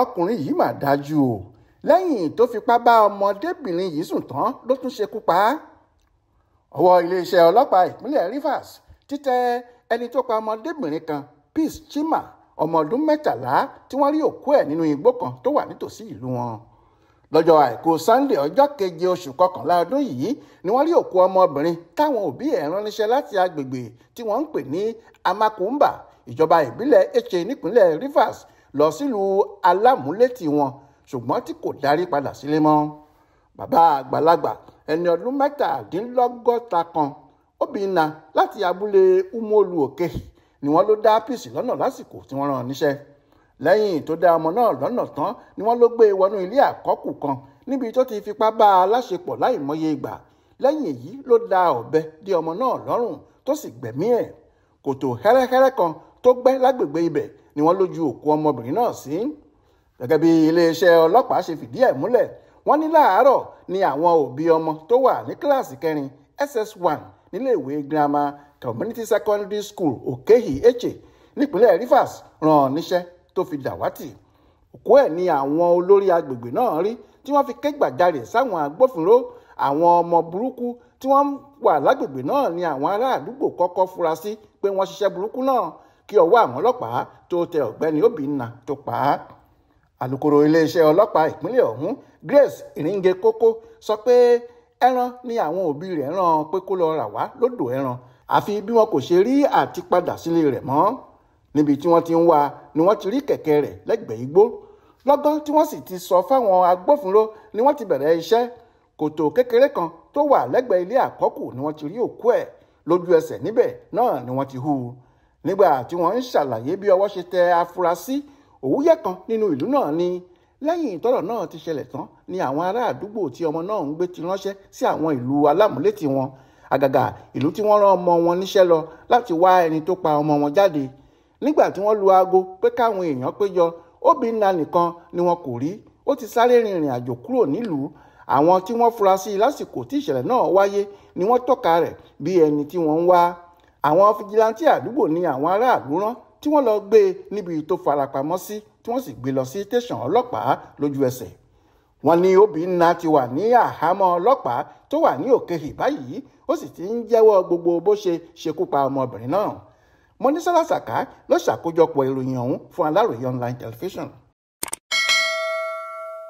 ọkùnrin yìí mà dájú o lẹ́yìn tó fipá bá ọmọdébìnrin yìí sùn tán ló tún ṣekú pa á ọwọ́ iléeṣẹ́ ọlọ́pàá ìpínlẹ̀ Rivers ti ẹni tó pa ọmọdébìnrin kan Peace Chima ọmọ ọdún mẹ́tàlá tí wọ́n rí òkú ẹ̀ nínú igbó kan tó wà nítòsí ìlú wọn lọ́jọ́ àìkú Sunday ọjọ́ keje oṣù kọkànlá ọdún yìí ni wọ́n rí òkú ọmọbìnrin táwọn òbí ẹ̀ ránníṣẹ́ láti agbègbè tí wọ́n ń pè ní Amakumba ìjọba ìbílẹ̀ Eche nípínlẹ̀ Rivers lọ sílùú alámúlétì wọn ṣùgbọ́n tí kò darí padà sílé mọ́ bàbá àgbàlagbà ẹni ọdún mẹ́tàdínlọ́gọ́ta kan Obìnna láti abúlé Umolu Òkè ni wọ́n ló dá Peace lọ́nà lásìkò tí wọ́n rán níṣẹ́ lẹ́yìn tó dá ọmọ náà lọ́nà tán ni wọ́n ló gbé e wọnú ilé àkọ́kù kan níbi tó ti fipá bá a láṣepọ̀ láìmọye ìgbà lẹ́yìn èyí ló da ọ̀bẹ dé ọmọ náà lọ́rùn tó sì gbẹ̀mí ẹ̀ kòtò hẹ́rẹ́hẹ́rẹ́ kan tó gbẹ́ lágbègbè ibẹ̀ ni wọ́n lójú òkú ọmọbìnrin náà sí gẹ́gẹ́ bí iléeṣẹ́ ọlọ́pàá ṣe fìdí ẹ̀ múlẹ̀ wọ́n ní láàárọ̀ ni àwọn òbí ọmọ tó wà ní kíláàsì kẹrin ss1 níléèwé girama community secondary school òkèhì eche nípínlẹ̀ rivers ràn níṣẹ́ tó fi dàwátì òkú ẹ̀ ni àwọn olórí agbègbè náà rí tí wọ́n fi ké gbàjarè sáwọn agbófinró àwọn ọmọ burúkú tí wọ́n wà lágbègbè náà ni àwọn ará àdúgbò kọ́kọ́ fura sí pé wọ́n ṣiṣẹ́ burúkú náà kí ọwọ́ àwọn ọlọ́pàá tó tẹ ọ̀gbẹ́ni Obinna tó pa á alukoro iléeṣẹ́ ọlọ́pàá ìpínlẹ̀ ọ̀hún Grace Iringe Koko sọ pé ẹran ni àwọn òbí rẹ̀ rán pé kó lọ rà wá lódò ẹran àfi bí wọn kò ṣe rí àti padà sílé rẹ̀ mọ́ níbi tí wọ́n ti ń wá ni wọ́n ti rí kẹ̀kẹ́ rẹ̀ lẹ́gbẹ̀ẹ́ igbó lọ́gán tí wọ́n sì ti sọ fáwọn agbófinró ni wọ́n ti bẹ̀rẹ̀ iṣẹ́ kòtò kékeré kan tó wà lẹ́gbẹ̀ẹ́ ilé àkọ́kù ni wọ́n ti rí òkú ẹ̀ lójú ẹsẹ̀ níbẹ̀ náà ni wọ́n ti hú u nígbà tí wọ́n ń ṣàlàyé bí ọwọ́ ṣe tẹ afurasí òwúyẹ kan nínú ìlú náà ni lẹ́yìn ìtọ́rọ̀ náà ti ṣẹlẹ̀ tán ni àwọn ará àdúgbò tí ọmọ náà ń gbé ti ránṣẹ́ sí àwọn ìlú alámúlétì wọn àgàgà ìlú tí wọ́n rán ọmọ wọn níṣẹ́ lọ láti wá ẹni tó pa ọmọ wọn jáde nígbà tí wọ́n lu aago pé káwọn èèyàn péjọ Obinna nìkan ni wọn kò rí ó ti sáré rìnrìn àjò kúrò nílùú àwọn tí wọ́n fura lásìkò tí ìṣẹ̀lẹ̀ náà wáyé ni wọ́n tọ́ka rẹ̀ bí ẹni tí wọ́n ń wá àwọn fìjìláńtì àdúgbò ni àwọn aráàlú rán tí wọ́n lọ gbé e níbi tó farapamọ́ sí tí wọ́n sì gbé e lọ sí tẹ̀sán ọlọ́pàá lójú ẹsẹ̀ wọ́n ní Obinna ti wà ní àhámọ́ ọlọ́pàá tó wà ní Òkèhì báyìí ó sì ti ń jẹ́wọ́ gbogbo bó ṣe ṣekú pa ọmọbìnrin náà Mọ́nísọ́lá Sàká ló ṣàkójọpọ̀ ìròyìn ọ̀hún fún Aláròye online television.